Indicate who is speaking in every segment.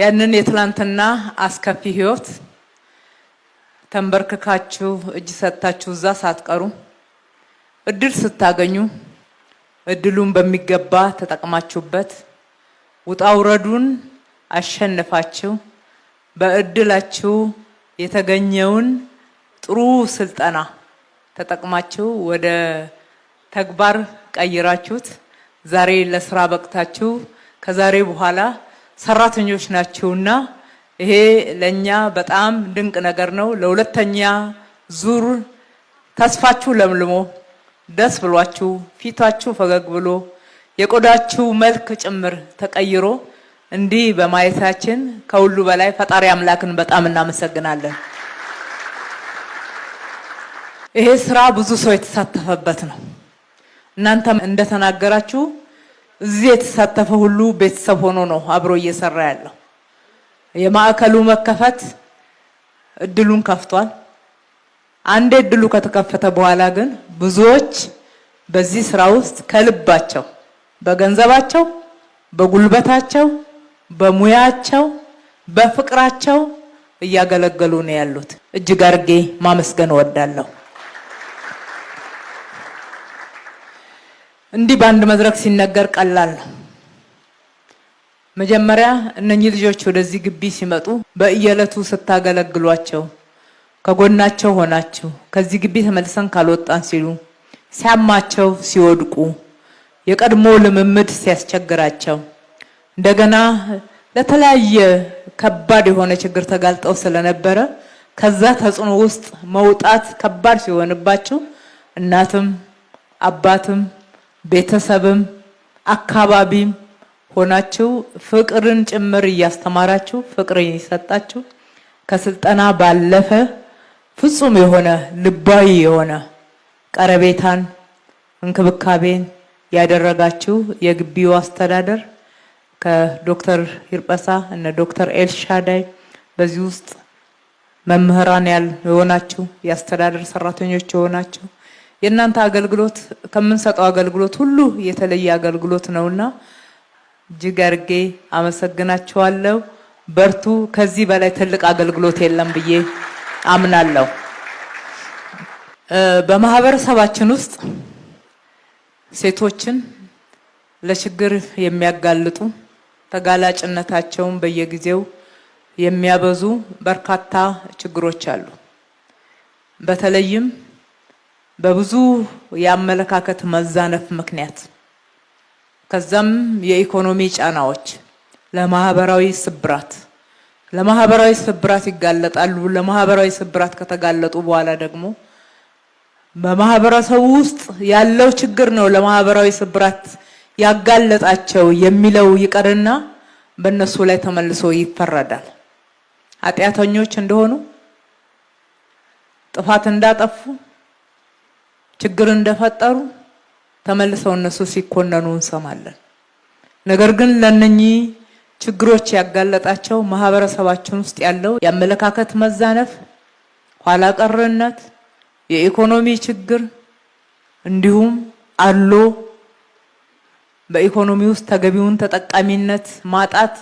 Speaker 1: ያንን የትላንትና አስከፊ ህይወት ተንበርክካችሁ እጅ ሰጥታችሁ እዛ ሳትቀሩ እድል ስታገኙ እድሉን በሚገባ ተጠቅማችሁበት ውጣ ውረዱን አሸንፋችሁ በእድላችሁ የተገኘውን ጥሩ ስልጠና ተጠቅማችሁ ወደ ተግባር ቀይራችሁት ዛሬ ለስራ በቅታችሁ ከዛሬ በኋላ ሰራተኞች ናቸውና ይሄ ለእኛ በጣም ድንቅ ነገር ነው። ለሁለተኛ ዙር ተስፋችሁ ለምልሞ ደስ ብሏችሁ ፊታችሁ ፈገግ ብሎ የቆዳችሁ መልክ ጭምር ተቀይሮ እንዲህ በማየታችን ከሁሉ በላይ ፈጣሪ አምላክን በጣም እናመሰግናለን። ይሄ ስራ ብዙ ሰው የተሳተፈበት ነው። እናንተም እንደተናገራችሁ እዚህ የተሳተፈ ሁሉ ቤተሰብ ሆኖ ነው አብሮ እየሰራ ያለው። የማዕከሉ መከፈት እድሉን ከፍቷል። አንዴ እድሉ ከተከፈተ በኋላ ግን ብዙዎች በዚህ ስራ ውስጥ ከልባቸው በገንዘባቸው፣ በጉልበታቸው፣ በሙያቸው፣ በፍቅራቸው እያገለገሉ ነው ያሉት። እጅግ አድርጌ ማመስገን እወዳለሁ። እንዲህ በአንድ መድረክ ሲነገር ቀላል ነው። መጀመሪያ እነኚህ ልጆች ወደዚህ ግቢ ሲመጡ በእየለቱ ስታገለግሏቸው፣ ከጎናቸው ሆናችሁ ከዚህ ግቢ ተመልሰን ካልወጣን ሲሉ፣ ሲያማቸው፣ ሲወድቁ፣ የቀድሞ ልምምድ ሲያስቸግራቸው፣ እንደገና ለተለያየ ከባድ የሆነ ችግር ተጋልጠው ስለነበረ ከዛ ተጽዕኖ ውስጥ መውጣት ከባድ ሲሆንባቸው እናትም አባትም ቤተሰብም አካባቢም ሆናችሁ ፍቅርን ጭምር እያስተማራችሁ ፍቅር እየሰጣችሁ ከስልጠና ባለፈ ፍጹም የሆነ ልባዊ የሆነ ቀረቤታን እንክብካቤን ያደረጋችሁ የግቢው አስተዳደር ከዶክተር ሂርጳሳ እነ ዶክተር ኤልሻዳይ በዚህ ውስጥ መምህራን ያል የሆናችሁ የአስተዳደር ሰራተኞች የሆናችሁ የእናንተ አገልግሎት ከምንሰጠው አገልግሎት ሁሉ የተለየ አገልግሎት ነውና እጅግ አድርጌ አመሰግናችኋለሁ። በርቱ። ከዚህ በላይ ትልቅ አገልግሎት የለም ብዬ አምናለሁ። በማህበረሰባችን ውስጥ ሴቶችን ለችግር የሚያጋልጡ ተጋላጭነታቸውን በየጊዜው የሚያበዙ በርካታ ችግሮች አሉ። በተለይም በብዙ የአመለካከት መዛነፍ ምክንያት ከዛም የኢኮኖሚ ጫናዎች ለማህበራዊ ስብራት ለማህበራዊ ስብራት ይጋለጣሉ። ለማህበራዊ ስብራት ከተጋለጡ በኋላ ደግሞ በማህበረሰቡ ውስጥ ያለው ችግር ነው ለማህበራዊ ስብራት ያጋለጣቸው የሚለው ይቀርና በእነሱ ላይ ተመልሶ ይፈረዳል። ኃጢአተኞች እንደሆኑ ጥፋት እንዳጠፉ ችግር እንደፈጠሩ ተመልሰው እነሱ ሲኮነኑ እንሰማለን። ነገር ግን ለነኚህ ችግሮች ያጋለጣቸው ማህበረሰባችን ውስጥ ያለው የአመለካከት መዛነፍ፣ ኋላ ቀርነት፣ የኢኮኖሚ ችግር እንዲሁም አሎ በኢኮኖሚ ውስጥ ተገቢውን ተጠቃሚነት ማጣት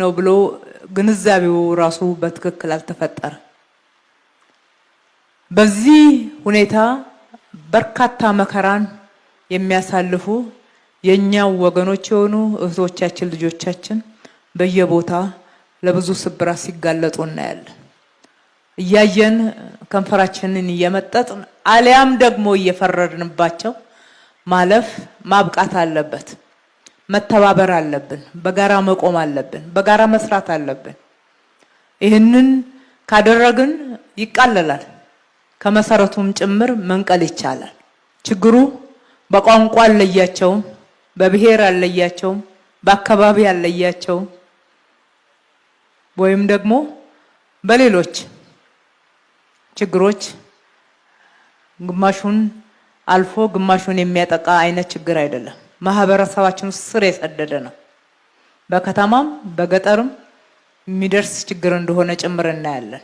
Speaker 1: ነው ብሎ ግንዛቤው ራሱ በትክክል አልተፈጠረ። በዚህ ሁኔታ በርካታ መከራን የሚያሳልፉ የእኛው ወገኖች የሆኑ እህቶቻችን ልጆቻችን በየቦታ ለብዙ ስብራት ሲጋለጡ እናያለን። እያየን ከንፈራችንን እየመጠጥን አሊያም ደግሞ እየፈረድንባቸው ማለፍ ማብቃት አለበት። መተባበር አለብን። በጋራ መቆም አለብን። በጋራ መስራት አለብን። ይህንን ካደረግን ይቃለላል። ከመሰረቱም ጭምር መንቀል ይቻላል። ችግሩ በቋንቋ አልለያቸውም፣ በብሔር አልለያቸውም፣ በአካባቢ አልለያቸውም ወይም ደግሞ በሌሎች ችግሮች ግማሹን አልፎ ግማሹን የሚያጠቃ አይነት ችግር አይደለም። ማህበረሰባችን ስር የሰደደ ነው። በከተማም በገጠርም የሚደርስ ችግር እንደሆነ ጭምር እናያለን።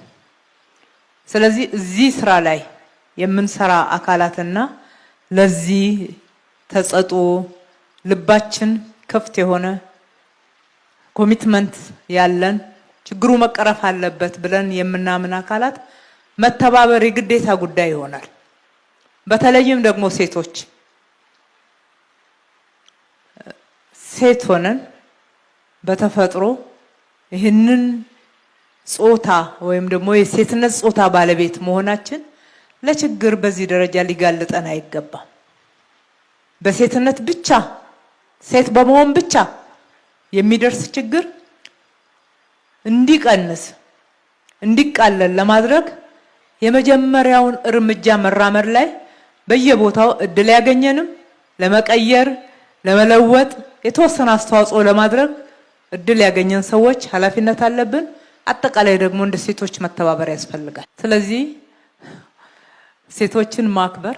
Speaker 1: ስለዚህ እዚህ ስራ ላይ የምንሰራ አካላትና ለዚህ ተጸጦ ልባችን ክፍት የሆነ ኮሚትመንት ያለን ችግሩ መቀረፍ አለበት ብለን የምናምን አካላት መተባበር የግዴታ ጉዳይ ይሆናል። በተለይም ደግሞ ሴቶች ሴት ሆነን በተፈጥሮ ይህንን ጾታ ወይም ደግሞ የሴትነት ጾታ ባለቤት መሆናችን ለችግር በዚህ ደረጃ ሊጋልጠን አይገባም። በሴትነት ብቻ ሴት በመሆን ብቻ የሚደርስ ችግር እንዲቀንስ እንዲቃለል ለማድረግ የመጀመሪያውን እርምጃ መራመድ ላይ በየቦታው እድል ያገኘንም ለመቀየር ለመለወጥ የተወሰነ አስተዋጽኦ ለማድረግ እድል ያገኘን ሰዎች ኃላፊነት አለብን። አጠቃላይ ደግሞ እንደ ሴቶች መተባበር ያስፈልጋል። ስለዚህ ሴቶችን ማክበር፣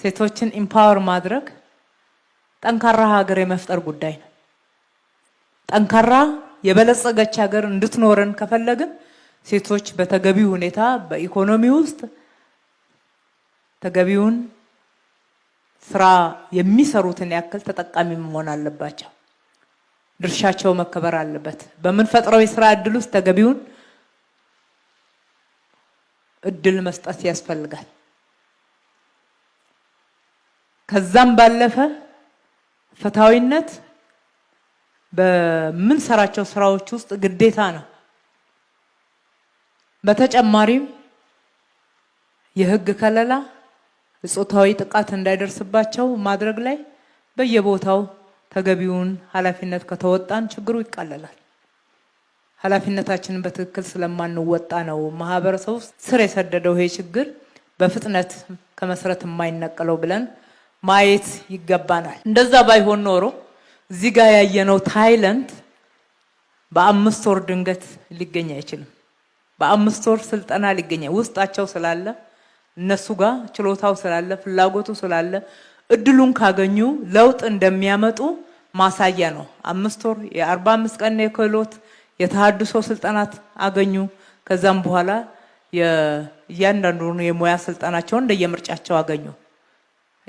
Speaker 1: ሴቶችን ኢምፓወር ማድረግ ጠንካራ ሀገር የመፍጠር ጉዳይ ነው። ጠንካራ የበለጸገች ሀገር እንድትኖረን ከፈለግን ሴቶች በተገቢ ሁኔታ በኢኮኖሚ ውስጥ ተገቢውን ስራ የሚሰሩትን ያክል ተጠቃሚ መሆን አለባቸው። ድርሻቸው መከበር አለበት። በምንፈጥረው የስራ እድል ውስጥ ተገቢውን እድል መስጠት ያስፈልጋል። ከዛም ባለፈ ፍትሐዊነት በምንሰራቸው ስራዎች ውስጥ ግዴታ ነው። በተጨማሪም የህግ ከለላ ጾታዊ ጥቃት እንዳይደርስባቸው ማድረግ ላይ በየቦታው ተገቢውን ኃላፊነት ከተወጣን ችግሩ ይቃለላል። ኃላፊነታችንን በትክክል ስለማንወጣ ነው ማህበረሰቡ ስር የሰደደው ይሄ ችግር በፍጥነት ከመሰረት የማይነቀለው ብለን ማየት ይገባናል። እንደዛ ባይሆን ኖሮ እዚህ ጋር ያየነው ታይለንድ በአምስት ወር ድንገት ሊገኝ አይችልም። በአምስት ወር ስልጠና ሊገኝ ውስጣቸው ስላለ እነሱ ጋር ችሎታው ስላለ ፍላጎቱ ስላለ እድሉን ካገኙ ለውጥ እንደሚያመጡ ማሳያ ነው። አምስት ወር የአርባ አምስት ቀን የክህሎት የተሃድሶ ስልጠናት አገኙ። ከዛም በኋላ እያንዳንዱን የሙያ ስልጠናቸውን እንደየምርጫቸው አገኙ።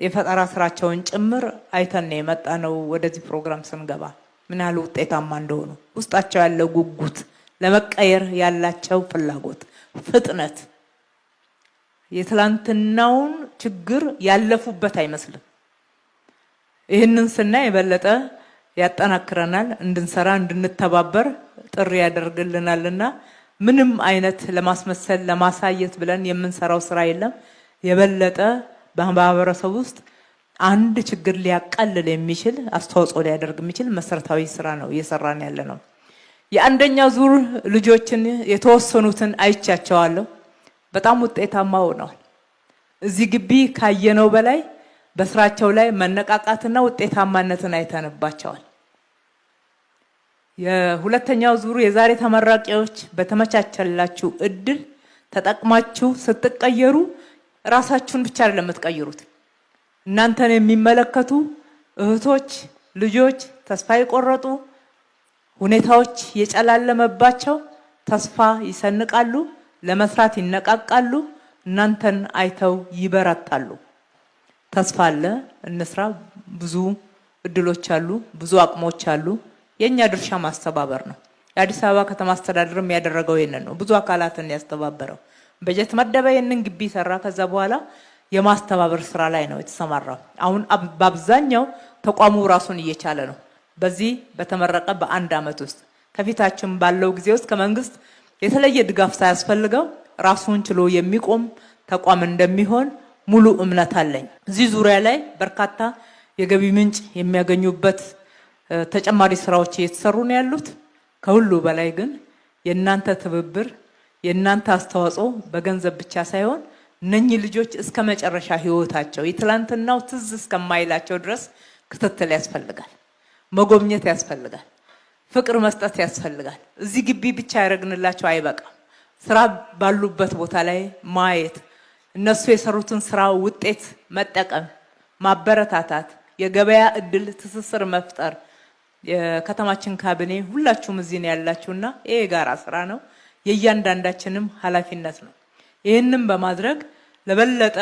Speaker 1: የፈጠራ ስራቸውን ጭምር አይተን የመጣ ነው። ወደዚህ ፕሮግራም ስንገባ ምን ያህል ውጤታማ እንደሆኑ ውስጣቸው ያለው ጉጉት፣ ለመቀየር ያላቸው ፍላጎት፣ ፍጥነት የትላንትናውን ችግር ያለፉበት አይመስልም። ይህንን ስናይ የበለጠ ያጠናክረናል፣ እንድንሰራ እንድንተባበር ጥሪ ያደርግልናል እና ምንም አይነት ለማስመሰል ለማሳየት ብለን የምንሰራው ስራ የለም። የበለጠ በማህበረሰብ ውስጥ አንድ ችግር ሊያቃልል የሚችል አስተዋጽኦ ሊያደርግ የሚችል መሰረታዊ ስራ ነው እየሰራን ያለ ነው። የአንደኛ ዙር ልጆችን የተወሰኑትን አይቻቸዋለሁ። በጣም ውጤታማ ሆነዋል። እዚህ ግቢ ካየነው በላይ በስራቸው ላይ መነቃቃትና ውጤታማነትን አይተንባቸዋል። የሁለተኛው ዙሩ የዛሬ ተመራቂዎች በተመቻቸላችሁ እድል ተጠቅማችሁ ስትቀየሩ ራሳችሁን ብቻ አይደለም የምትቀይሩት። እናንተን የሚመለከቱ እህቶች፣ ልጆች ተስፋ የቆረጡ ሁኔታዎች የጨላለመባቸው ተስፋ ይሰንቃሉ፣ ለመስራት ይነቃቃሉ፣ እናንተን አይተው ይበረታሉ። ተስፋ አለ። እንስራ። ብዙ እድሎች አሉ፣ ብዙ አቅሞች አሉ። የእኛ ድርሻ ማስተባበር ነው። የአዲስ አበባ ከተማ አስተዳደርም ያደረገው ይሄንን ነው። ብዙ አካላትን ያስተባበረው በጀት መደበ፣ ይህንን ግቢ ሰራ። ከዛ በኋላ የማስተባበር ስራ ላይ ነው የተሰማራው። አሁን በአብዛኛው ተቋሙ ራሱን እየቻለ ነው። በዚህ በተመረቀ በአንድ አመት ውስጥ ከፊታችን ባለው ጊዜ ውስጥ ከመንግስት የተለየ ድጋፍ ሳያስፈልገው ራሱን ችሎ የሚቆም ተቋም እንደሚሆን ሙሉ እምነት አለኝ። እዚህ ዙሪያ ላይ በርካታ የገቢ ምንጭ የሚያገኙበት ተጨማሪ ስራዎች እየተሰሩ ነው ያሉት። ከሁሉ በላይ ግን የእናንተ ትብብር የእናንተ አስተዋጽኦ በገንዘብ ብቻ ሳይሆን እነኚህ ልጆች እስከ መጨረሻ ህይወታቸው የትላንትናው ትዝ እስከማይላቸው ድረስ ክትትል ያስፈልጋል፣ መጎብኘት ያስፈልጋል፣ ፍቅር መስጠት ያስፈልጋል። እዚህ ግቢ ብቻ ያደረግንላቸው አይበቃም። ስራ ባሉበት ቦታ ላይ ማየት እነሱ የሰሩትን ስራ ውጤት መጠቀም፣ ማበረታታት፣ የገበያ እድል ትስስር መፍጠር የከተማችን ካቢኔ ሁላችሁም እዚህ ነው ያላችሁና ይሄ የጋራ ስራ ነው፣ የእያንዳንዳችንም ኃላፊነት ነው። ይህንም በማድረግ ለበለጠ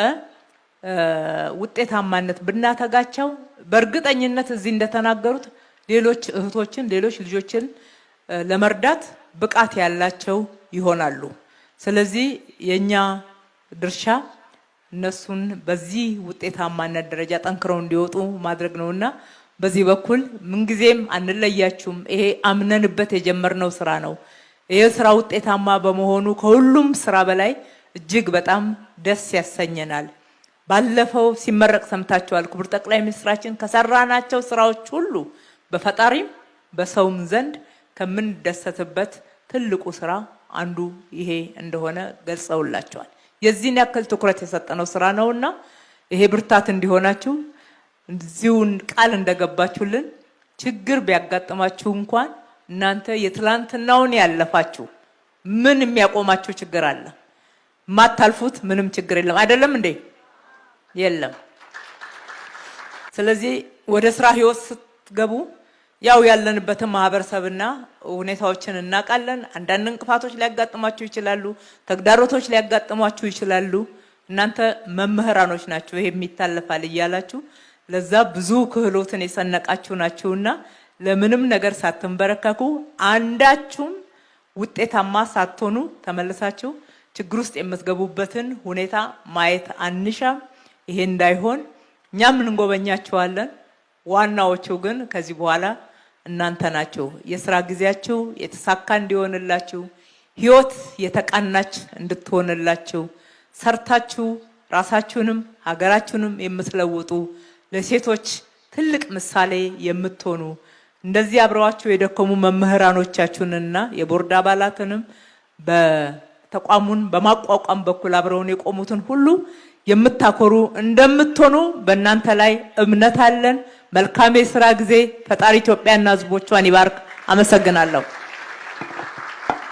Speaker 1: ውጤታማነት ብናተጋቸው በእርግጠኝነት እዚህ እንደተናገሩት ሌሎች እህቶችን ሌሎች ልጆችን ለመርዳት ብቃት ያላቸው ይሆናሉ። ስለዚህ የእኛ ድርሻ እነሱን በዚህ ውጤታማነት ደረጃ ጠንክረው እንዲወጡ ማድረግ ነውና በዚህ በኩል ምንጊዜም አንለያችሁም። ይሄ አምነንበት የጀመርነው ስራ ነው። ይሄ ስራ ውጤታማ በመሆኑ ከሁሉም ስራ በላይ እጅግ በጣም ደስ ያሰኘናል። ባለፈው ሲመረቅ ሰምታችኋል። ክቡር ጠቅላይ ሚኒስትራችን ከሰራናቸው ስራዎች ሁሉ በፈጣሪም በሰውም ዘንድ ከምንደሰትበት ትልቁ ስራ አንዱ ይሄ እንደሆነ ገልጸውላቸዋል። የዚህን ያክል ትኩረት የሰጠነው ስራ እና ይሄ ብርታት እንዲሆናችሁ እዚሁን ቃል እንደገባችሁልን ችግር ቢያጋጥማችሁ እንኳን እናንተ የትላንትናውን ያለፋችሁ ምን የሚያቆማችሁ ችግር አለ? ማታልፉት ምንም ችግር የለም። አይደለም እንዴ? የለም። ስለዚህ ወደ ስራ ህይወት ስትገቡ ያው ያለንበትን ማህበረሰብና ሁኔታዎችን እናውቃለን። አንዳንድ እንቅፋቶች ሊያጋጥሟችሁ ይችላሉ፣ ተግዳሮቶች ሊያጋጥሟችሁ ይችላሉ። እናንተ መምህራኖች ናችሁ፣ ይሄ የሚታለፋል እያላችሁ ለዛ ብዙ ክህሎትን የሰነቃችሁ ናችሁና ለምንም ነገር ሳትንበረከኩ አንዳችሁም ውጤታማ ሳትሆኑ ተመልሳችሁ ችግር ውስጥ የምትገቡበትን ሁኔታ ማየት አንሻም። ይሄ እንዳይሆን እኛም እንጎበኛችኋለን። ዋናዎቹ ግን ከዚህ በኋላ እናንተ ናችሁ። የስራ ጊዜያችሁ የተሳካ እንዲሆንላችሁ፣ ህይወት የተቃናች እንድትሆንላችሁ፣ ሰርታችሁ ራሳችሁንም ሀገራችሁንም የምትለውጡ ለሴቶች ትልቅ ምሳሌ የምትሆኑ እንደዚህ አብረዋችሁ የደከሙ መምህራኖቻችሁንና የቦርድ አባላትንም በተቋሙን በማቋቋም በኩል አብረውን የቆሙትን ሁሉ የምታኮሩ እንደምትሆኑ በእናንተ ላይ እምነት አለን። መልካም የስራ ጊዜ። ፈጣሪ ኢትዮጵያና ህዝቦቿን ይባርክ። አመሰግናለሁ።